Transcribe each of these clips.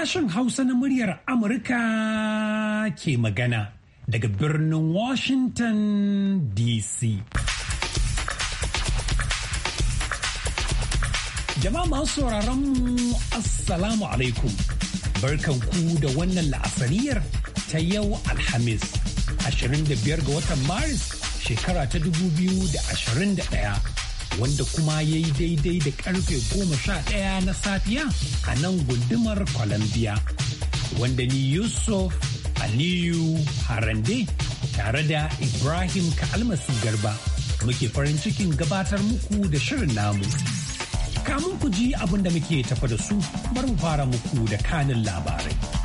Sashen Hausa na muryar Amurka ke magana daga birnin Washington DC. Jama'a masu sauraron mu Assalamu alaikum. Barkanku da wannan la'asariyar ta yau Alhamis, 25 ga watan Maris shekara ta 2021. wanda kuma ya yi daidai da karfe goma sha ɗaya na safiya a nan gundumar Colombia. Wanda ni Yusuf Aliyu Harande tare da Ibrahim Ka'almasi Garba muke farin cikin gabatar muku da shirin namu. Kamun ku ji abin da muke tafa da su bar mu fara muku da kanin labarai.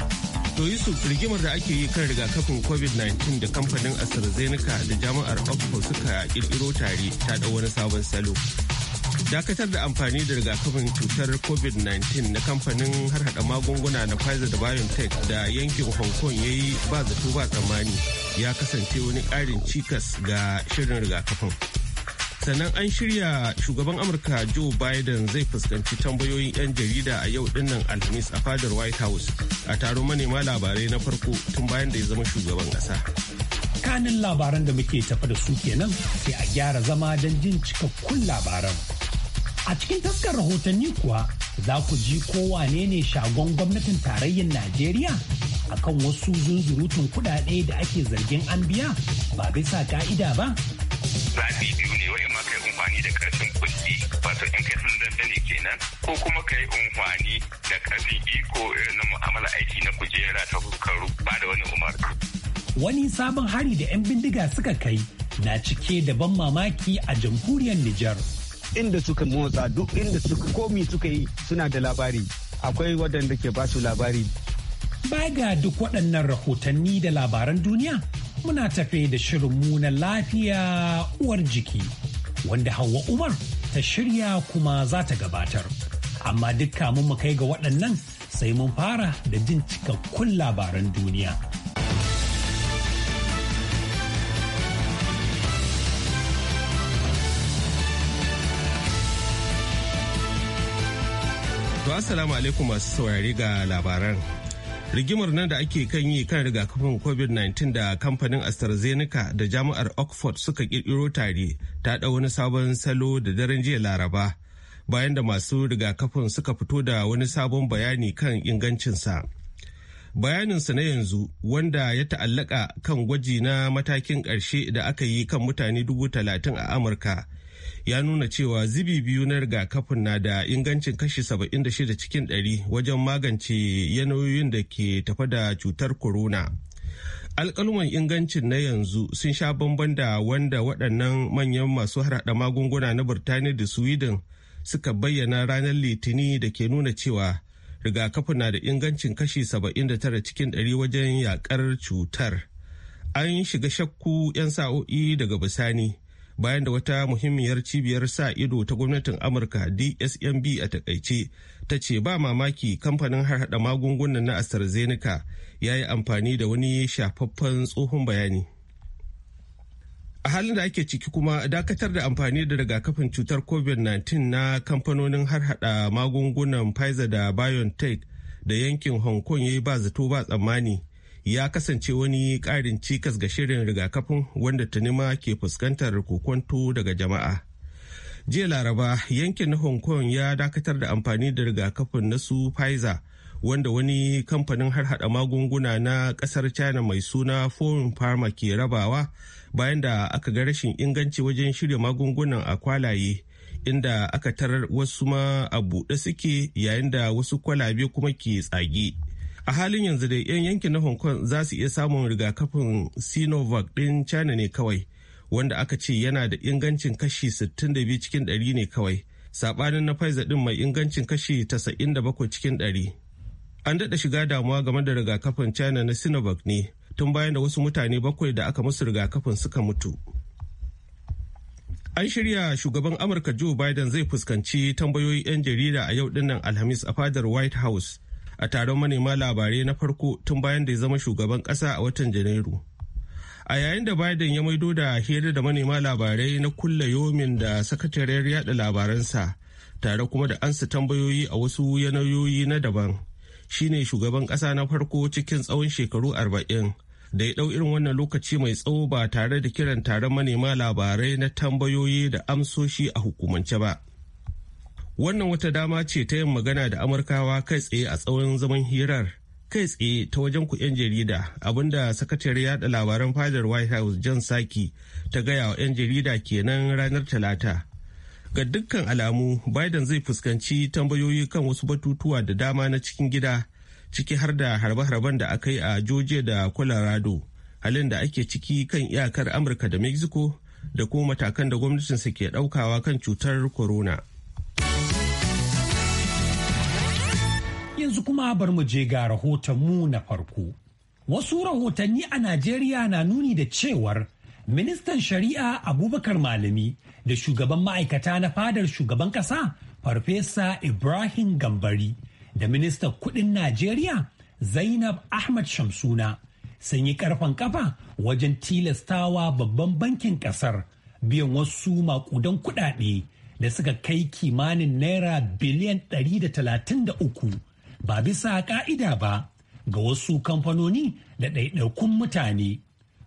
To Yusuf rigimar da ake yi kan rigakafin COVID-19 da kamfanin AstraZeneca da jami'ar Oxford suka kirkiro tare ta da wani sabon salo. Dakatar da amfani da rigakafin cutar COVID-19 na kamfanin harhaɗa magunguna na Pfizer da BioNTech da yankin Hong Kong ya yi ba zato ba tsammani ya kasance wani ƙarin cikas ga shirin rigakafin. sannan an shirya shugaban amurka joe biden zai fuskanci tambayoyin 'yan jarida a yau dinnan alhamis a fadar white house a taron manema labarai na farko tun bayan da ya zama shugaban ƙasa kanin labaran da muke tafa da su kenan sai a gyara zama don jin cikakkun labaran a cikin taskar rahotanni kuwa za ku ji wane ne shagon gwamnatin tarayyar najeriya akan wasu zunzurutun kudade da ake zargin an biya ba bisa ka'ida ba amfani da karfin kulli wato in kai sun kenan ko kuma ka yi amfani da karfin iko eh, na mu'amala aiki na kujera ta hukaru ba da wani umarni. Wani sabon hari da 'yan bindiga suka kai na cike da ban mamaki a jamhuriyar Nijar. Inda suka motsa duk inda suka komi suka yi suna da labari akwai waɗanda ke basu labari. Baya ga duk waɗannan rahotanni da labaran duniya muna tafe da shirin mu na lafiya uwar jiki. wanda Hauwa Umar ta shirya kuma za ta gabatar. Amma dukka mun mu kai ga waɗannan sai mun fara da jin cikakkun labaran duniya. To Assalamu alaikum masu saurari ga labaran. rigimar nan da ake kan yi kan rigakafin covid-19 da kamfanin astrazeneca da jami'ar oxford suka kirkiro tare ta ɗau wani sabon salo da daren jiya laraba bayan da masu rigakafin suka fito da wani sabon bayani kan ingancinsa bayaninsa na yanzu wanda ya ta'allaka kan gwaji na matakin ƙarshe da aka yi kan mutane dubu talatin a amurka ya nuna cewa zibi biyu na rigakafin na da ingancin kashi 76 cikin 100 wajen magance yanayoyin da ke tafa da cutar corona. alkaluman ingancin na yanzu sun sha bamban da wanda waɗannan manyan masu harhaɗa magunguna na birtaniya da sweden suka bayyana ranar litini da ke nuna cewa rigakafi na da ingancin kashi 79 cikin 100 wajen yakar cutar an shiga shakku 'yan sa'o'i daga bisani bayan da wata muhimmiyar cibiyar sa ido ta gwamnatin amurka dsmb a takaice ta ce ba mamaki kamfanin harhaɗa magungunan na astrazeneca ya yi amfani da wani shafaffen tsohon bayani a halin da ake ciki kuma dakatar da amfani da rigakafin cutar covid-19 na kamfanonin harhaɗa magungunan pfizer da biontech da yankin hong kong ya yi ba zato ba tsammani ya kasance wani ƙarin cikas ga shirin rigakafin wanda tunima ke fuskantar kokonto daga jama'a. Jiya Laraba yankin na Hong Kong ya dakatar da amfani da rigakafin na su Pfizer wanda wani kamfanin har hada magunguna na kasar China mai suna Foreign Pharma ke rabawa bayan da aka ga rashin inganci wajen shirya magungunan a kwalaye inda aka tarar wasu ma a buɗe suke yayin da wasu kwalabe kuma ke tsage. a halin yanzu da 'yan yankin na hong kong za su iya samun rigakafin sinovac ɗin china ne kawai wanda aka ce yana da ingancin kashi 62 cikin 100 ne kawai saɓanin na pfizer din mai ingancin kashi 97 cikin 100 an daɗa shiga damuwa game da rigakafin china na sinovac ne tun bayan da wasu mutane bakwai da aka musu rigakafin suka mutu An shirya shugaban Amurka Joe Biden zai fuskanci tambayoyi 'yan jarida a yau dinnan Alhamis a fadar White House a taron manema labarai na farko tun bayan da ya zama shugaban ƙasa a watan Janairu. A yayin da Biden ya maido da hira da manema labarai na kulla yomin da sakatariyar yada labaransa tare kuma da ansa tambayoyi a wasu yanayoyi na daban. Shine shugaban ƙasa na farko cikin tsawon shekaru arba'in. da ya ɗau irin wannan lokaci mai tsawo ba tare da kiran taron manema labarai na tambayoyi da amsoshi a hukumance ba. wannan wata dama ce ta yin magana da amurkawa kai tsaye a tsawon zaman hirar kai tsaye ta wajen ku 'yan jarida abinda sakatare yada labaran fadar white house john saki ta gaya wa 'yan jarida kenan ranar talata ga dukkan alamu biden zai fuskanci tambayoyi kan wasu batutuwa da dama na cikin gida ciki har da harbe-harben da aka yi a georgia da colorado halin da ake ciki kan iyakar amurka da mexico da kuma matakan da gwamnatinsa ke daukawa kan cutar corona. yanzu kuma bar mu je ga rahoton mu na farko. Wasu rahotanni a Najeriya na nuni da cewar ministan shari'a Abubakar Malami da shugaban ma'aikata na fadar shugaban ƙasa Farfesa Ibrahim Gambari da ministan kudin Najeriya Zainab Ahmad Shamsuna sun yi karfan kafa wajen tilastawa babban bankin ƙasar biyan wasu makudan kudade da suka kai kimanin naira biliyan 133 ba bisa ka'ida ba ga wasu kamfanoni da ɗaiɗaikun mutane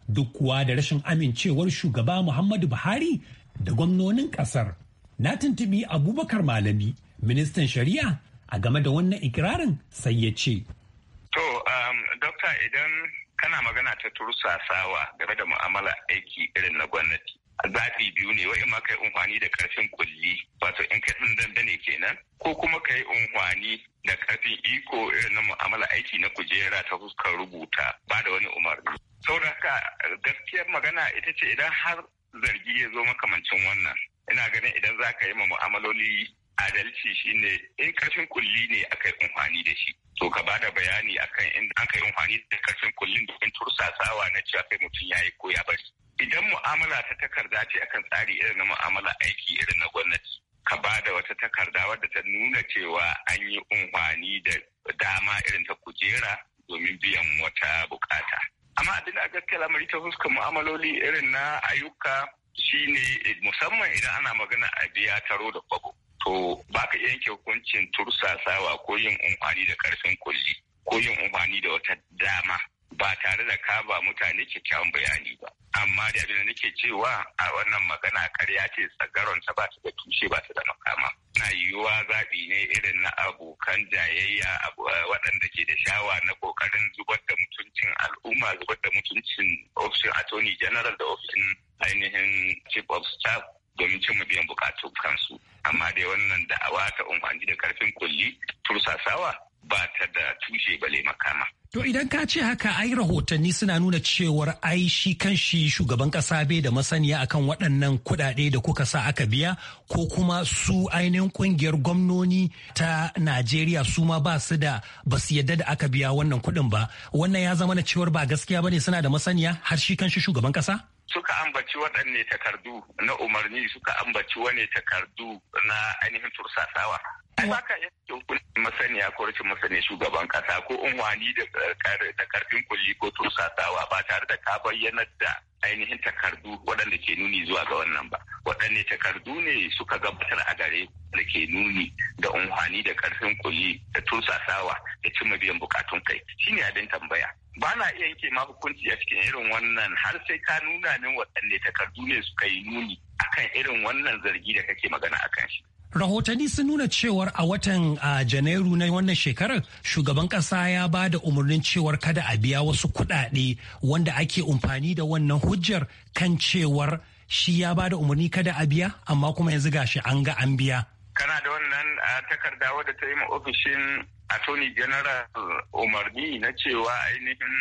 duk kuwa da rashin amincewar shugaba Muhammadu Buhari da gwamnonin ƙasar. Na tuntubi Abubakar Malami, ministan shari'a a game da wannan ikirarin sai ya ce. To, um, dokta idan kana magana ta tursasawa game da mu'amala aiki irin na gwamnati, zaɓi biyu ne wa'in ma ka yi unhwani da ƙarfin kulli wato in ka ɗin dambe ne kenan ko kuma ka yi unhwani da ƙarfin iko irin na mu'amala aiki na kujera ta fuskar rubuta ba da wani umarni. saboda haka gaskiyar magana ita ce idan har zargi ya zo makamancin wannan ina ganin idan za ka yi ma mu'amaloli adalci shine in kashin kulli ne aka yi amfani da shi to ka ba da bayani akan inda aka yi amfani da kashin kullin tursa tursasawa na cewa kai mutum ya yi ko ya bari idan mu'amala ta takarda ce akan tsari irin na mu'amala aiki irin na gwamnati ka ba da wata takarda wadda ta nuna cewa an yi amfani da dama irin ta kujera domin biyan wata bukata amma abin da gaskiya lamari ta fuskar mu'amaloli irin na ayyuka shine musamman idan ana magana a biya taro da kwabo to ba ka yanke hukuncin tursasawa ko yin umfani da karfin kulli ko yin umfani da wata dama ba tare da ka ba mutane kyakkyawan bayani ba amma da abin da nake cewa a wannan magana karya ce tsagaron ta ba ta da tushe ba ta da makama na yiwuwa zaɓi ne irin na abokan jayayya eh, waɗanda ke da shawa na ƙoƙarin zubar da mutuncin al'umma zubar da mutuncin ofishin attorney general da ofishin ainihin chief of staff domin cimma biyan bukatu kansu amma dai wannan da'awa ta umfani da karfin kulli tursasawa ba ta da tushe bale makama To idan ka ce haka ai rahotanni suna nuna cewar ai shi kan shi shugaban kasa bai da masaniya akan waɗannan kuɗaɗe da kuka sa aka biya ko kuma su ainihin ƙungiyar gwamnoni ta Najeriya su ma ba su da ba su yadda da aka biya wannan kuɗin ba wannan ya zama na cewar ba gaskiya bane suna da masaniya har shi kan shi shugaban ƙasa. suka ambaci waɗanne takardu na umarni suka ambaci wani takardu na ainihin tursasawa. Saka yankin masaniya ko rashin masaniya shugaban kasa ko unwani da karfin kulli ko tursasawa ba tare da ka bayyanar da ainihin takardu waɗanda ke nuni zuwa ga wannan ba waɗanne takardu ne suka gabatar a gare da ke nuni da unhwani da ƙarfin kulli da tursasawa da cimma biyan bukatun kai shine abin tambaya ba na iya yanke ma hukunci a cikin irin wannan har sai ka nuna min waɗanne takardu ne suka yi nuni akan irin wannan zargi da kake magana akan shi Rahotanni sun nuna cewar a watan Janairu na wannan shekarar shugaban kasa ya ba da umarnin cewar kada a biya wasu kuɗaɗe wanda ake umfani da wannan hujjar kan cewar shi ya ba da umarni kada a biya amma kuma yanzu gashi an ga an biya. Kana da wannan takarda wadda ta yi ma ofishin Attorney General umarni na cewa ainihin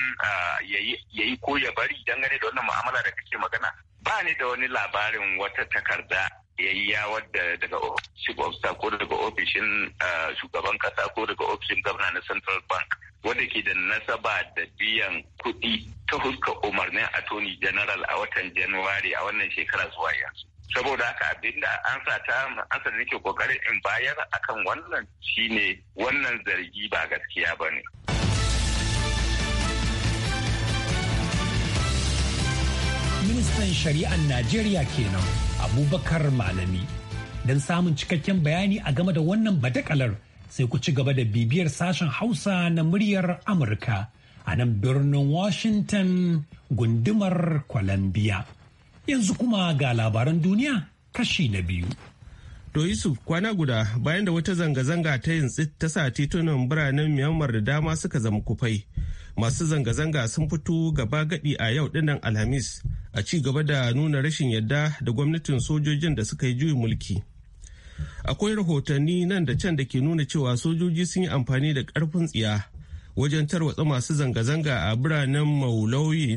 ya yi ko ya bari dangane da wannan mu'amala da kake magana. Ba ni da wani labarin wata takarda yayya wadda daga chief of staff ko daga ofishin ah, shugaban kasa ko daga ofishin gwamna na central bank wadda ke da nasaba da biyan kuɗi ta huska umarnin attorney general a watan januwari a wannan shekara zuwa yanzu saboda haka abinda an sa ta an sa nake kokarin in bayar akan wannan shine wannan zargi ba gaskiya bane ministan shari'ar najeriya kenan abubakar malami don samun cikakken bayani a game da wannan badakalar sai ku ci gaba da bibiyar sashen hausa na muryar amurka a nan birnin washington gundumar columbia yanzu kuma ga labaran duniya kashi na biyu To Yusuf kwana guda bayan da wata zanga-zanga ta yin ta sa titunan biranen Myanmar da dama suka zama kufai. Masu zanga-zanga sun fito gaba gadi a yau dinnan Alhamis a ci gaba da nuna rashin yadda da gwamnatin sojojin da suka yi juyin mulki akwai rahotanni nan da can da ke nuna cewa sojoji sun yi amfani da karfin tsiya wajen tarwatsa masu zanga-zanga a biranen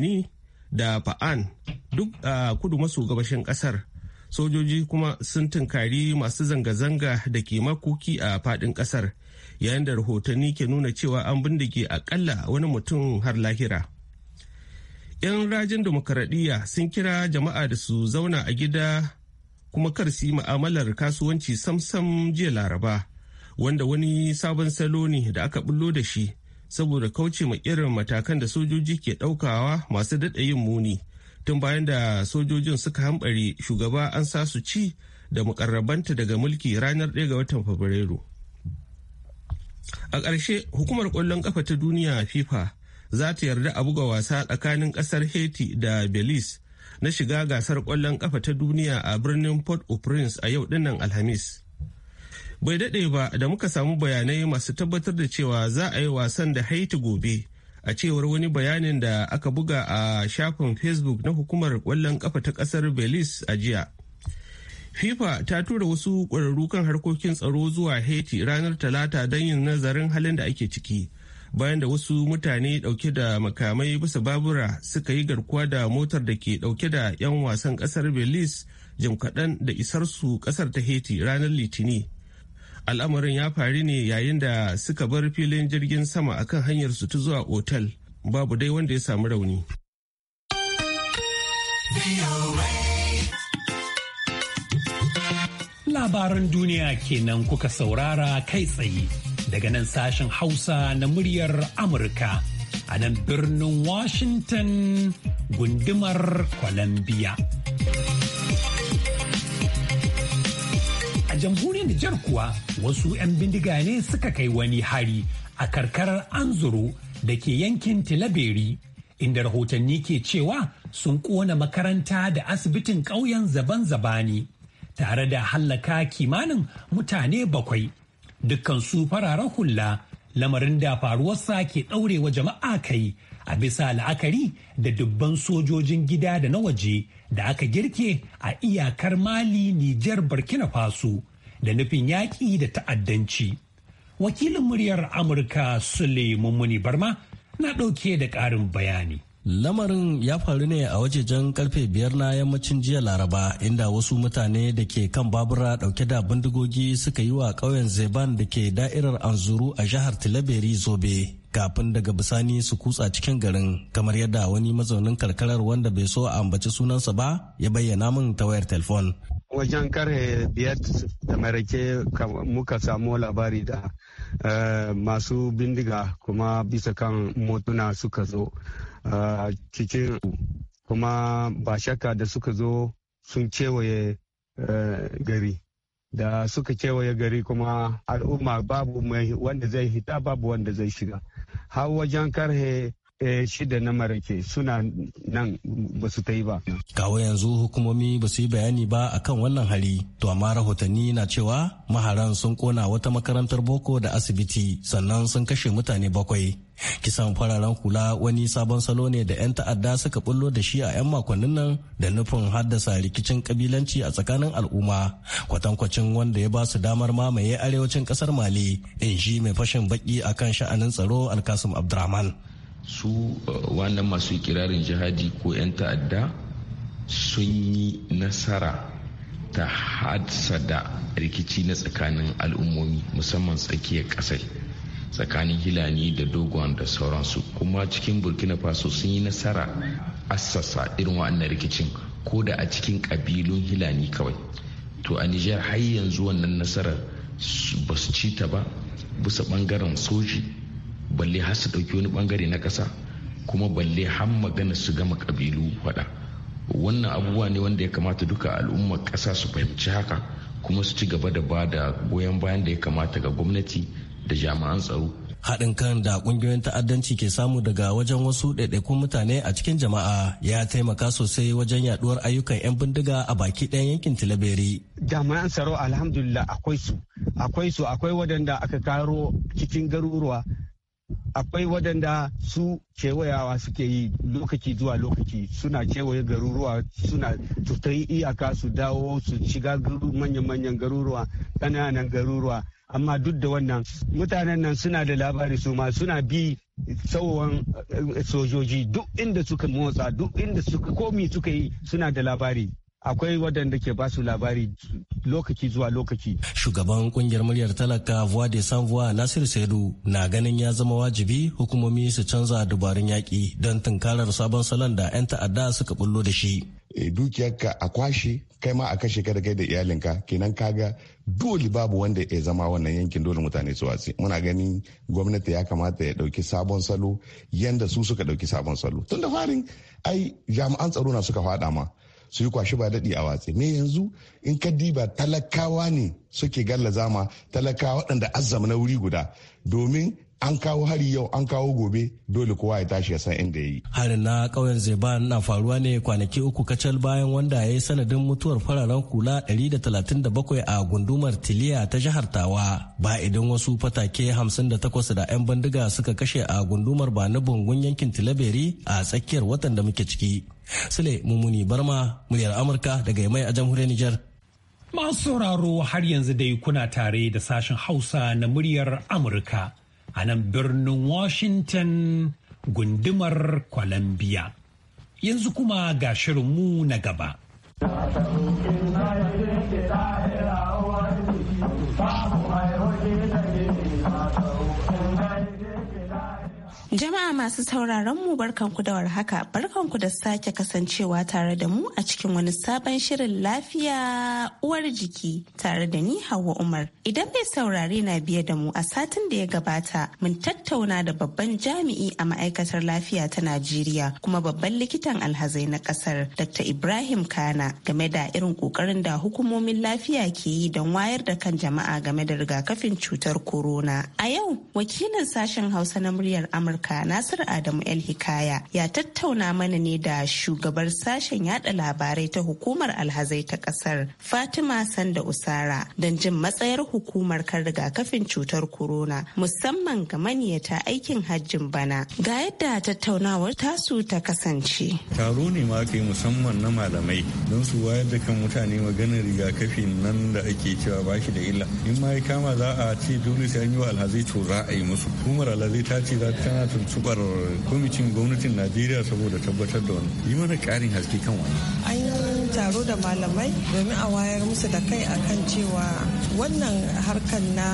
ni da fa'an duk a kudu maso gabashin ƙasar. sojoji kuma sun tunkari masu zanga-zanga da ke makoki a faɗin ƙasar, yayin da rahotanni ke nuna cewa an bindige akalla wani mutum har lahira. 'yan rajin demokaradiyya sun kira jama'a da su zauna a gida kuma kar su yi ma'amalar kasuwanci samsam jiya laraba wanda wani sabon salo ne da aka bullo da shi saboda kauce ma irin matakan da sojoji ke ɗaukawa masu daɗa yin muni tun bayan da sojojin suka hambare shugaba an sa su ci da mukarrabanta daga mulki ranar 1 ga watan fabrairu a ƙarshe hukumar ƙwallon ƙafa ta duniya fifa za ta yarda a buga wasa tsakanin kasar haiti da belize na shiga gasar kwallon kafa ta duniya a birnin port au prince a yau dinnan alhamis bai daɗe ba da muka samu bayanai masu tabbatar da cewa za a yi wasan da haiti gobe a cewar wani bayanin da aka buga a shafin facebook na hukumar kwallon kafa ta kasar belize a jiya fifa ta tura wasu ƙwararru kan harkokin tsaro zuwa haiti ranar talata don yin nazarin halin da ake ciki bayan da wasu mutane dauke da makamai bisa babura suka yi garkuwa da motar da ke dauke da 'yan wasan kasar belize jim kaɗan da isarsu kasar ta haiti ranar litini al'amarin ya faru ne yayin da suka bar filin jirgin sama akan hanyar su ta zuwa otal babu dai wanda ya samu rauni labaran duniya kenan kuka saurara kai tsaye daga nan sashen Hausa na muryar Amurka a nan birnin Washington gundumar Columbia. A jamhuriyar Nijar kuwa wasu 'yan bindiga ne suka kai wani hari a karkarar Anzuru da ke yankin Tilaberi, inda rahotanni ke cewa sun kona makaranta da asibitin ƙauyen zaban-zabani tare da hallaka kimanin mutane bakwai. dukkansu fararen hula lamarin da faruwarsa ke ɗaurewa jama'a kai a bisa la'akari da dubban sojojin gida da na waje da aka girke a iyakar mali nijar burkina faso da nufin yaƙi da ta'addanci wakilin muryar amurka sule mummuni barma na ɗauke da ƙarin bayani Lamarin ya faru ne a wajejen karfe biyar na yammacin jiya Laraba inda wasu mutane da ke kan babura dauke da bindigogi suka yi wa ƙauyen Zeban da ke da'irar Anzuru a jihar Tilaberi zobe. Kafin daga bisani su kutsa cikin garin kamar yadda wani mazaunin karkarar wanda bai so a ambaci sunansa ba ya bayyana min ta wayar telefon. Wajen karhe biyar da marake muka samu labari da eh, masu bindiga kuma bisa kan motuna suka zo. a cikin kuma ba shakka da suka zo sun kewaye eh, gari da suka kewaye gari kuma al'umma babu wanda zai hita babu wanda zai shiga har wajen karhe Eh, shida na marake suna nan ba su ta yi ba. Kawo yanzu hukumomi ba su yi bayani ba akan wannan hari, to amma rahotanni na cewa maharan sun kona wata makarantar boko da asibiti sannan sun kashe mutane bakwai. Kisan fararen kula wani sabon salo ne da 'yan ta'adda suka bullo da shi a 'yan makonnin nan da nufin haddasa rikicin kabilanci a tsakanin al'umma kwatankwacin wanda ya ba su damar mamaye arewacin kasar Mali in shi mai fashin baki akan sha'anin tsaro Alkasim Abdurrahman. su uh, wannan masu kirarin jihadi ko 'yan ta'adda sun yi nasara ta da rikici na tsakanin al'ummomi musamman tsakiyar kasai tsakanin hilani da dogon da sauransu kuma cikin burkina faso sun yi nasara assasa irin wa'annan rikicin ko da a cikin ƙabilun hilani kawai to a nijar har yanzu wannan nasarar ba su ci ta ba bisa bangaren soji balle har su ɗauki wani bangare na kasa kuma balle har magana su gama kabilu faɗa wannan abubuwa ne wanda ya kamata duka al'umma kasa su fahimci haka kuma su ci gaba da ba da goyon bayan da ya kamata ga gwamnati da jami'an tsaro haɗin kan da ƙungiyoyin ta'addanci ke samu daga wajen wasu ɗaiɗaikun mutane a cikin jama'a ya taimaka sosai wajen yaɗuwar ayyukan 'yan bindiga a baki ɗayan yankin tilaberi. jami'an tsaro alhamdulillah akwai su akwai su akwai waɗanda aka karo cikin garuruwa akwai waɗanda su kewayawa suke yi lokaci zuwa lokaci suna kewaye garuruwa suna tutar iyaka su dawo su shiga manya-manyan garuruwa ƙananan garuruwa amma duk da wannan mutanen nan suna da labari su ma suna bi tsawon eh, sojoji duk inda suka motsa duk inda suka komi suka yi suna da labari akwai waɗanda ke ba su labari lokaci zuwa lokaci. Shugaban kungiyar muryar talaka Voix de San Nasiru Saidu na ganin ya zama wajibi hukumomi su canza dubarun yaƙi don tunkarar sabon salon da 'yan ta'adda suka bullo da shi. Eh, dukiyarka a kwashe kai ma a kashe ka da kai da iyalinka kenan kaga dole babu wanda ya zama wannan yankin dole mutane su watsi muna ganin gwamnati ya kamata ya dauki sabon salo yanda su suka dauki sabon salo tun da farin ai jami'an tsaro na suka fada ma su yi kwashi ba daɗi a watsi me yanzu in ka diba talakawa ne suke galla zama talakawa waɗanda azzama na wuri guda domin an kawo hari yau an kawo gobe dole kowa ya tashi ya san inda yi. harin na ƙauyen zeban na faruwa ne kwanaki uku kacal bayan wanda ya yi sanadin mutuwar fararen kula 137 a gundumar tiliya ta jihar tawa ba idan wasu fatake 58 da 'yan bandiga suka kashe a gundumar ba na bungun yankin tilaberi a tsakiyar watan da muke ciki sule mummuni barma muryar amurka daga mai a jamhuriyar nijar masu sauraro har yanzu dai kuna tare da sashen hausa na muryar amurka a nan birnin Washington gundumar Columbia. Yanzu kuma ga shirinmu na gaba. Jama'a masu sauraron mu barkanku da warhaka barkanku da sake kasancewa tare da mu a cikin wani sabon shirin lafiya uwar jiki tare da ni Hauwa Umar. Idan mai saurare na biye da mu a satin da ya gabata mun tattauna da babban jami'i a ma'aikatar lafiya ta Najeriya kuma babban likitan alhazai na kasar Dr. Ibrahim Kana game da irin kokarin da hukumomin lafiya ke yi don wayar da kan jama'a game da rigakafin cutar corona. A yau wakilin sashen Hausa na muryar Amurka Amurka Nasiru Adamu El Hikaya ya tattauna mana ne da shugabar sashen yada labarai ta hukumar alhazai ta kasar Fatima Sanda Usara don jin matsayar hukumar kan rigakafin cutar corona musamman ga maniyata aikin hajjin bana. Ga yadda tattaunawar tasu ta kasance. Taro ne ma ke musamman na malamai don su wayar da kan mutane maganar rigakafi nan da ake cewa ba shi da illa. In ma ya kama za a ce dole sai an yi wa alhazai to za a yi musu. Hukumar alhazai ta ce za ta tuntubar eh, kwamitin gwamnatin najeriya saboda tabbatar da wani yi mana karin haske kan wani an yi taro da malamai domin a wayar musu da kai akan cewa wannan harkar na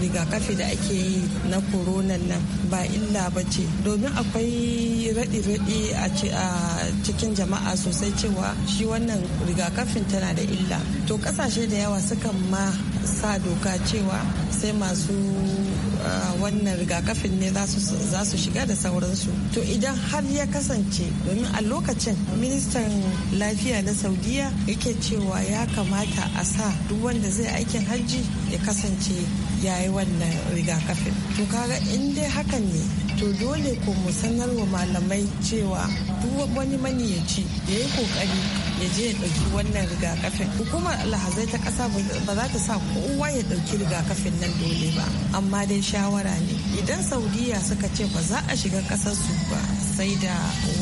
rigakafi da ake yi na korona nan ba illa ba ce domin akwai raɗi-raɗi a cikin jama'a sosai cewa shi wannan rigakafin tana da illa to ƙasashe da yawa sukan ma sa doka cewa sai masu ah, wannan rigakafin ne za su shiga da sauransu to idan har ya kasance domin a lokacin ministan lafiya na saudiya yake cewa ya kamata a sa duk wanda zai aikin hajji ya kasance ya yi wannan rigakafin to kaga in dai hakan ne to dole ko mu sanar wa malamai cewa duk wani maniyaci ya yi kokari ya je ya ɗauki wannan rigakafin hukumar alhazai ta ƙasa ba za ta sa kowa ya ɗauki rigakafin nan dole ba amma dai shawara ne idan saudiya suka ce ba za a shiga ƙasar su ba sai da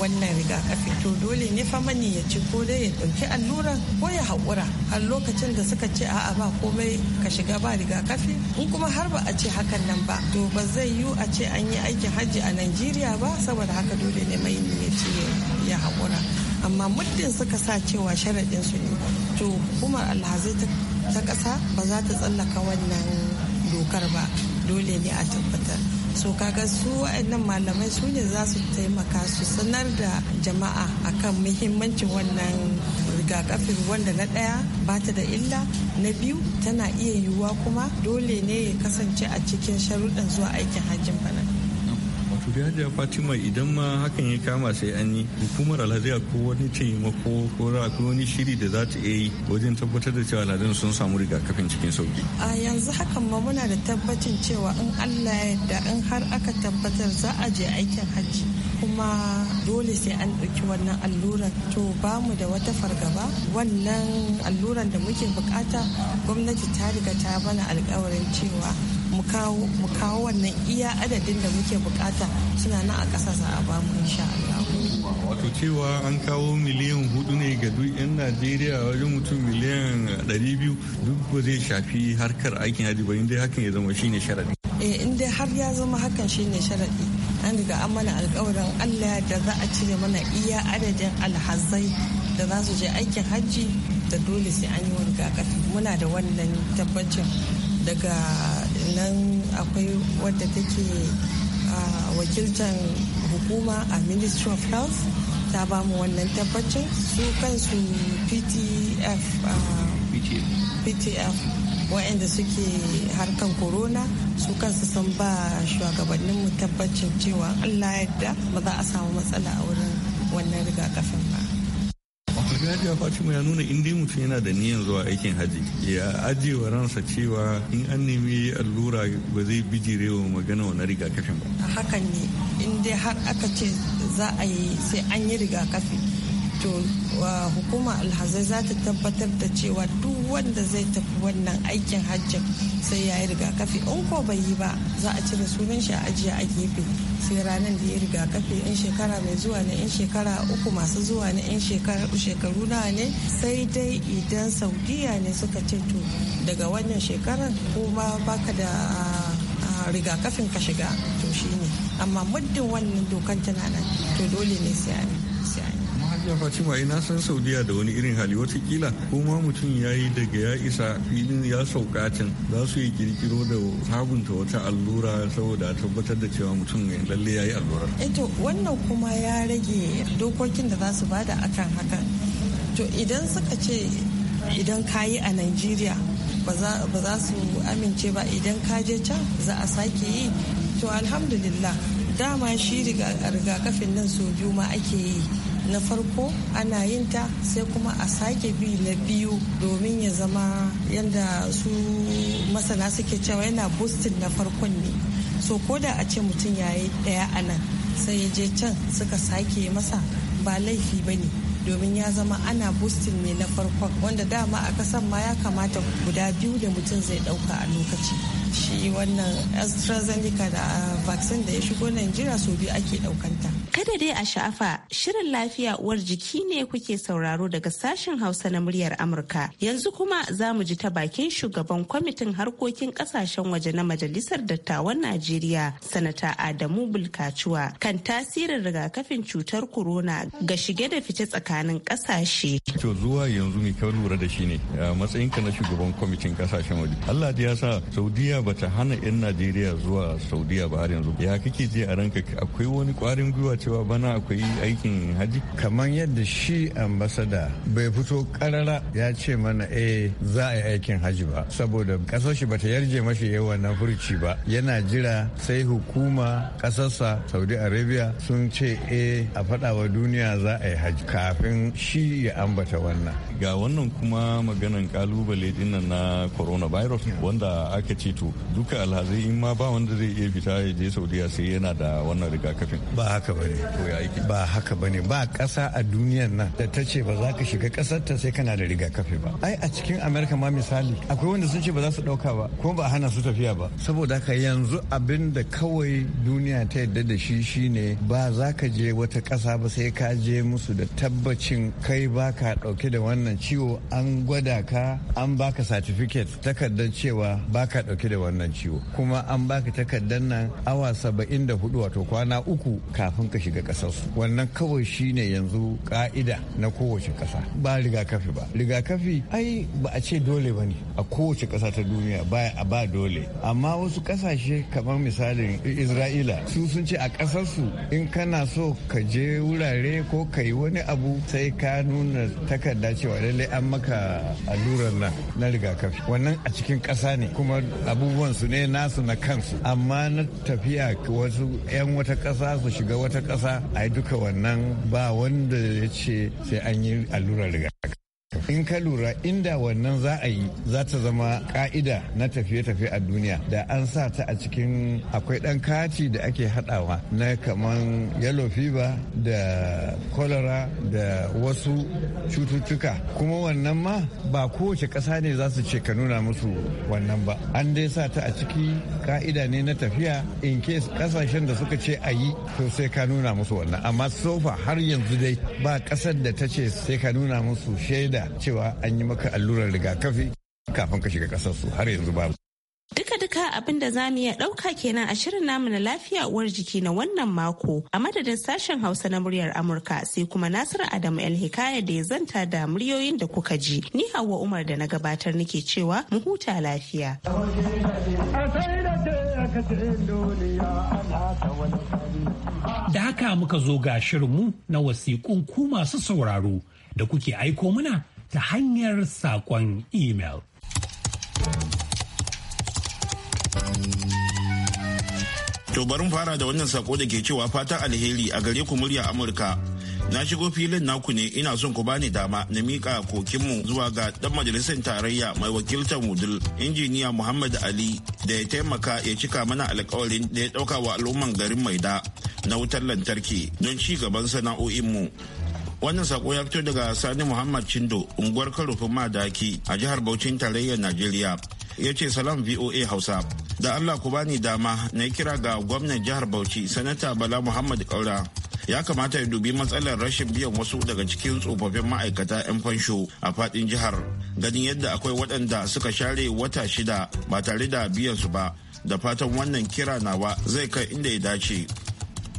wannan rigakafi to dole ne fa mani ya ci ko dai ya dauki allura ko ya haƙura har lokacin da suka ce a'a ba komai ka shiga ba rigakafi in kuma har ba a ce hakan nan ba to ba zai yiwu a ce an yi aikin hajji a Najeriya ba saboda haka dole ne mai ya ce ya haƙura amma muddin suka sa cewa sharaɗin su ne to hukumar alhazai ta ƙasa ba za ta tsallaka wannan dokar ba dole ne a tabbatar so kaga su waɗannan malamai su ne za su taimaka su sanar da jama'a akan muhimmancin wannan rigakafin wanda na ɗaya ba ta da illa na biyu tana iya yiwuwa kuma dole ne ya kasance a cikin sharuɗan zuwa aikin hajjin bana to da hajiya fatima idan ma hakan ya kama sai an yi hukumar alhazai ko wani taimako ko rafi wani shiri da za ta yi wajen tabbatar da cewa alhazan sun samu rigakafin cikin sauki a yanzu hakan ma muna da tabbacin cewa in allah ya da in har aka tabbatar za a je aikin hajji kuma dole sai an ɗauki wannan alluran to ba mu da wata fargaba wannan alluran da muke bukata gwamnati ta riga ta bana alkawarin cewa mu kawo wannan iya adadin da muke bukata suna nan a kasa za a bamu insha Allah wato cewa an kawo miliyan hudu ne ga duk 'yan najeriya wajen mutum miliyan 200 duk ba zai shafi harkar aikin haji ba inda hakan ya zama shine sharadi eh inda har ya zama hakan shine sharadi an riga an mana alkawarin allah da za a cire mana iya adadin alhazai da za su je aikin hajji da dole sai an yi wani muna da wannan tabbacin daga sannan akwai wadda take wakiltar hukuma a ministry of health ta ba mu wannan tabbacin su kansu ptf ptf wa'anda suke harkan corona su kansu sun ba shugabanninmu tabbacin cewa allah yadda ba za a samu matsala a wurin wannan rigakafin ba daga fatima ya nuna in mutum yana da niyan zuwa aikin haji ya wa ransa cewa in an nemi allura ba zai wa magana wa na rigakafin ba hakan ne in dai har aka ce za a yi sai an yi rigakafi to hukuma alhazai za ta tabbatar da cewa duk duk wanda zai tafi wannan aikin hajjin sai ya yi rigakafi in ko bai yi ba za a cire sunan shi a ajiye a gefe sai ranar da ya rigakafi in shekara mai zuwa ne in shekara uku masu zuwa ne in shekaru nawa ne sai dai idan saudiya ne suka ce to daga wannan shekarar kuma baka da rigakafin ka shiga to shine amma muddin wannan dokan tana nan to dole ne sai hajiya fatima ina san saudiya da wani irin hali watakila ko ma mutum ya yi daga ya isa filin ya sauka can za su yi kirkiro da sabunta wata allura saboda tabbatar da cewa mutum lalle ya yi allura. eto eh wannan kuma ya rage dokokin da za su bada akan haka to idan suka ce idan ka yi a nigeria ba za su amince ba idan ka je can za a sake yi to alhamdulillah dama shi rigakafin nan so biyu ma ake yi na farko ana yin ta sai kuma a sake bi na biyu domin ya zama yadda su masana suke cewa yana bustin na farkon ne so ko da a ce mutum ya yi daya a nan sai ya je can suka sake masa ba laifi ba ne domin ya zama ana bustin ne na farkon wanda dama a kasan ma ya kamata guda biyu da mutum zai dauka a lokaci shi wannan astrazeneca da ah, vaccine da ya shigo najeriya sau biyu ake ɗaukanta Kada dai a sha'afa shirin lafiya uwar jiki ne kuke sauraro daga sashen Hausa na muryar Amurka. Yanzu kuma za mu ji ta bakin shugaban kwamitin harkokin kasashen waje na Majalisar Dattawan Najeriya, Sanata Adamu Bulkacuwa, kan tasirin rigakafin cutar corona ga shige da fice tsakanin kasashe. To zuwa yanzu mai kyau lura da shi ne a matsayinka na shugaban kwamitin kasashen waje. Allah ya sa Saudiya bata hana 'yan Najeriya zuwa Saudiya ba har yanzu. Ya kake je a ranka akwai wani kwarin gwiwa cewa bana akwai aikin haji? Kamar yadda shi ambasada bai fito karara ya ce mana eh za a yi aikin haji ba saboda kasar shi bata yarje mashi yawa na furci ba yana jira sai hukuma kasarsa Saudi Arabia sun ce eh a faɗawa duniya za a yi haji kafin shi ya ambata wannan. Ga wannan kuma maganan kalubale dinnan na coronavirus wanda aka ce to duka alhazai in ma ba wanda zai iya fita ya je Saudiya sai yana da wannan rigakafin. Ba haka ba ba haka ba ne ba ƙasa a duniyan nan da ta ce ba za ka shiga ƙasar ta sai kana da rigakafi ba ai a cikin amerika ma misali akwai wanda sun ce ba za su ɗauka ba ko ba hana su tafiya ba saboda haka yanzu abin da kawai duniya ta yadda da shi shine ba za ka je wata ƙasa ba sai ka je musu da tabbacin kai ba ka ɗauke da wannan ciwo an gwada ka an baka satifiket takardar cewa ba ka ɗauke da wannan ciwo kuma an baka takardar nan awa saba'in da hudu wato kwana uku kafin ka shiga ƙasarsu wannan kawai shine yanzu ka'ida na kowace ƙasa ba rigakafi ba rigakafi ai ba a ce dole ba ne a kowace ƙasa ta duniya ba a ba dole amma wasu ƙasashe kamar misalin isra'ila su sun ce a ƙasarsu in kana so ka je wurare ko ka yi wani abu sai ka nuna takarda cewa lallai an maka allurar nan na rigakafi wannan a cikin ƙasa ne kuma abubuwan su ne nasu na kansu amma na tafiya wasu 'yan wata ƙasa su shiga wata ƙasa ƙasa a yi duka wannan ba wanda ya ce sai an yi allurar rigakafi in ka lura inda wannan za a yi za ta zama ka'ida na tafiye-tafiye a duniya da an sa ta a cikin akwai dan kati da ake hadawa na kaman yellow fever da cholera da wasu cututtuka kuma wannan ma ba kowace ƙasa ne za su ce ka nuna musu wannan ba an dai sa ta a ciki ka'ida ne na tafiya in case kasashen da suka ce a yi to sai ka nuna musu wannan amma sofa har yanzu dai ba ƙasar da ta ce sai ka nuna musu shaida cewa an yi maka allurar rigakafi kafin ka shiga kasar su har yanzu babu Duka-duka abin da zamu iya ɗauka kenan a shirin namu na lafiya uwar jiki na wannan mako a madadin sashen Hausa na muryar Amurka sai kuma Nasiru Adamu El Hikaya da ya zanta da muryoyin da kuka ji. Ni Hauwa Umar da na gabatar nake cewa mu huta lafiya. Da haka muka zo ga shirinmu na wasiƙun ku masu sauraro da kuke aiko muna ta hanyar saƙon email. To bari fara da wannan sako da ke cewa fatan alheri a gare ku murya Amurka. Na shigo filin naku ne ina son ku bani dama na miƙa kokinmu zuwa ga ɗan majalisar tarayya mai wakiltar mudul injiniya Muhammad Ali da ya taimaka ya cika mana alƙawarin da ya ɗauka wa al'umman garin Maida na wutar lantarki don ci gaban sana'o'inmu. wannan sako ya fito daga sani muhammad chindo unguwar karufin madaki a jihar Bauchin tarayyar najeriya ya ce salam voa hausa da allah ku bani dama na kira ga gwamnan jihar bauchi sanata bala muhammad kaura ya kamata ya dubi matsalar rashin biyan wasu daga cikin tsofaffin ma'aikata 'yan fansho a fadin jihar ganin yadda akwai waɗanda suka share wata shida ba tare da biyan su ba da fatan wannan kira nawa zai kai inda ya dace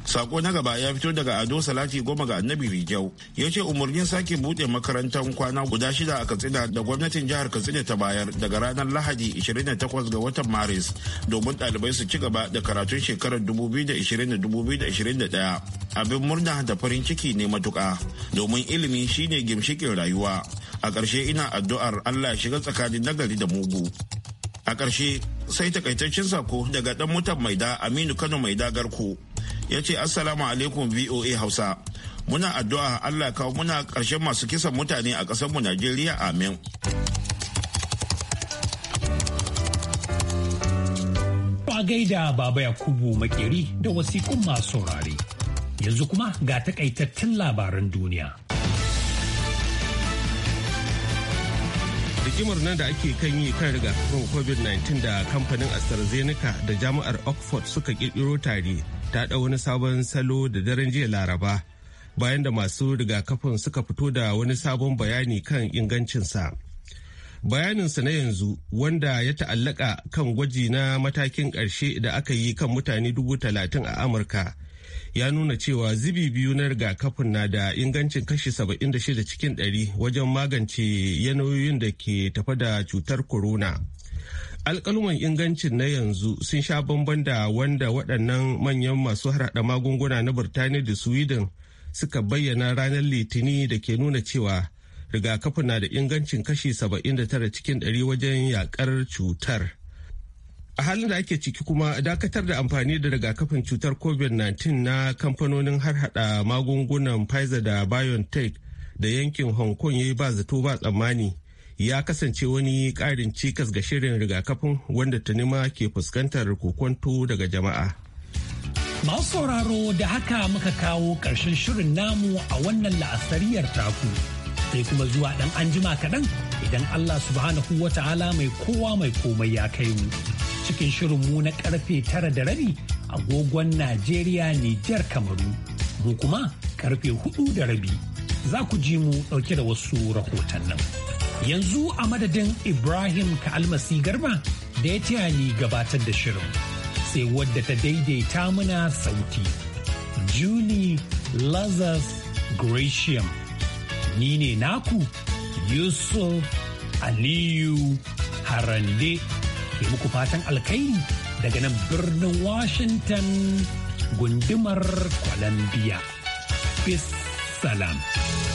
sako na gaba ya fito daga ado salati goma ga annabi rijau ya ce umarnin sake bude makarantar kwana guda shida a katsina da gwamnatin jihar katsina ta bayar daga ranar lahadi 28 ga watan maris domin ɗalibai su ci gaba da karatun shekarar 2020-2021 abin murna da farin ciki ne matuka domin ilimi shine gimshikin rayuwa a ƙarshe ina addu'ar allah shiga tsakanin nagari da mugu a ƙarshe sai takaitaccen sako daga ɗan mutan maida aminu kano maida garko ya ce assalamu alaikum voa hausa muna addu'a allah kawo muna ƙarshen masu kisan mutane a ƙasarmu najeriya amin a gaida baba yakubu makeri da wasikun masu saurare yanzu kuma ga takaitattun labaran duniya rigimar nan da ake kan yi kan rigakafin covid-19 da kamfanin astrazeneca da jami'ar oxford suka kirkiro tare ta ɗau wani sabon salo da daren jiya laraba bayan da masu rigakafin suka fito da wani sabon bayani kan ingancinsa. Bayaninsa na yanzu wanda ya ta'allaka kan gwaji na matakin ƙarshe da aka yi kan mutane dubu talatin a Amurka ya nuna cewa zibi biyu na rigakafin na da ingancin kashi 76 cikin ɗari wajen magance yanayoyin da ke tafa da cutar corona. alkaluman ingancin na yanzu sun sha bamban da wanda waɗannan manyan masu harada magunguna na birtaniya da sweden suka bayyana ranar litini da ke nuna cewa rigakafi na da ingancin kashi 79 cikin 100 wajen yakar cutar a halin da ake ciki kuma dakatar da amfani da rigakafin cutar covid-19 na kamfanonin harhaɗa magungunan pfizer da biontech da yankin hong kong ya yi ba zato ba tsammani ya kasance wani ƙarin cikas ga shirin rigakafin wanda tunima ke fuskantar kokonto daga jama'a. Masu sauraro da haka muka kawo ƙarshen shirin namu a wannan la'asariyar taku sai kuma zuwa ɗan anjima kaɗan idan Allah subhanahu wa ta'ala mai kowa mai komai ya kai mu. Cikin shirin mu na ƙarfe tara da rabi agogon Najeriya Nijar Kamaru mu kuma ƙarfe hudu da rabi za ku ji mu ɗauke da wasu rahoton nan. Yanzu a madadin Ibrahim Kalmasi Garba da ya taya ni gabatar da shirin sai wadda ta daidaita muna sauti. Julie Lazarus Gratiam. Ni ne naku Yusuf Aliyu Harande ke muku fatan alkairi daga nan birnin Washington gundumar Columbia. Peace salam.